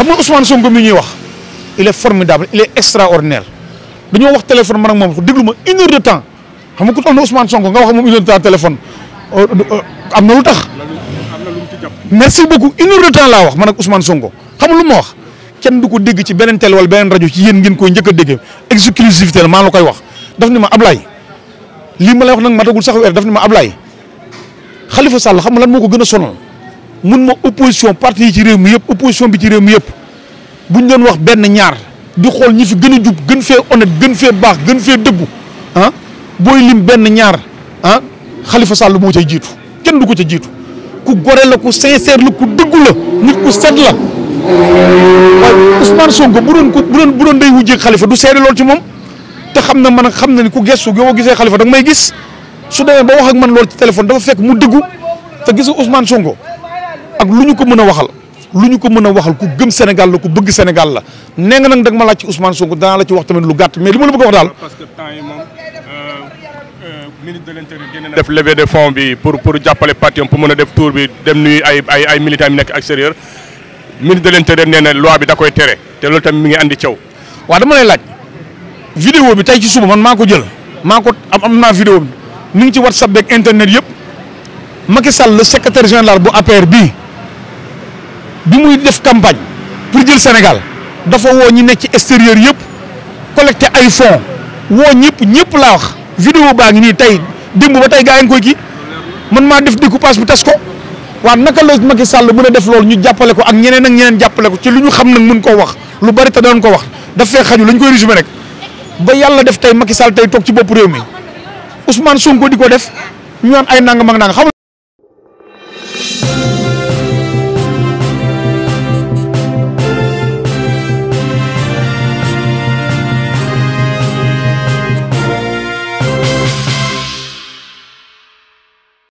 xam nga Ousmane Sonko mi ñuy wax il est formidable il est extraordinaire dañoo wax téléphone man ak moom déglu ma une heure de temps xam nga ku toll na Ousmane Sonko nga wax moom une heure de temps euh, euh, euh, am na lu tax. merci beaucoup une heure de temps laa wax man ak Ousmane Sonko xam lu ma wax kenn du ko dégg ci beneen télé wala beneen rajo ci yéen ngeen koy njëkk a déggee exclusivité maa la koy wax daf ni ma Ablaye lii ma lay wax nag matagul sax weer daf ni ma Ablaye xalifa Sall xam nga lan moo ko gën a sonal. mun ma opposition parti yi ci réew mi yëpp opposition bi ci mi yëpp buñ doon wax benn ñaar di xool ñi fi gën a jub gën fee honnête gën fee baax gën fee dëggu ah booy lim benn ñaar ah Khalifa Sall moo cay jiitu kenn du ko ca jiitu ku gore la ku sincère la ku dëggu la nit ku set la waaye Ousmane Sonko bu doon ko bu doon bu doon day wujjeeg Khalifa du seede lool ci moom te xam na man xam na ni ku gestu yow gisee xalifa danga may gis su demee ba wax ak man lool ci téléphone dafa fekk mu dëggu te gis Ousmane Sonko. ak lu ñu ko mën a waxal lu ñu ko mën a waxal ku gëm Sénégal la ku bëgg Sénégal la nee nga nag da nga ma laaj ci Ousmane Sonko danaa la ci wax tamit lu gàtt mais li ma la bëgg a wax daal. parce que temps yi moom euh, euh, na def levée de fonds bi pour pour jàppale parti pour mën a def tour nekk extérieur ministre de l'intérieur nee na loi bi da koy tere te loolu tamit mi ngi andi caw. waa dama lay laaj. vidéo bi tey ci suba man maa ko jël maa ko am am naa vidéo bi mi ngi ci whatsapp beeg internet yëpp Macky Sall le secrétaire général bu APR bii. bi muy def campagne pour jël Sénégal dafa woo ñi nekk ci extérieur yëpp collecté ay fonds woo ñëpp ñëpp laa wax. vidéo baa ngi nii tey démb ba tey gaa yi ngi koy kii man maa def découpage bi tas ko waaw naka la Macky Sall mën a def loolu ñu jàppale ko ak ñeneen ak ñeneen jàppale ko ci lu ñu xam nag mën koo wax lu bari te doon ko wax daf fee xaju lañ koy résumé rek ba yàlla def tey Macky Sall tey toog ci bopp réew mi Ousmane Sonko di ko def ñu naan ay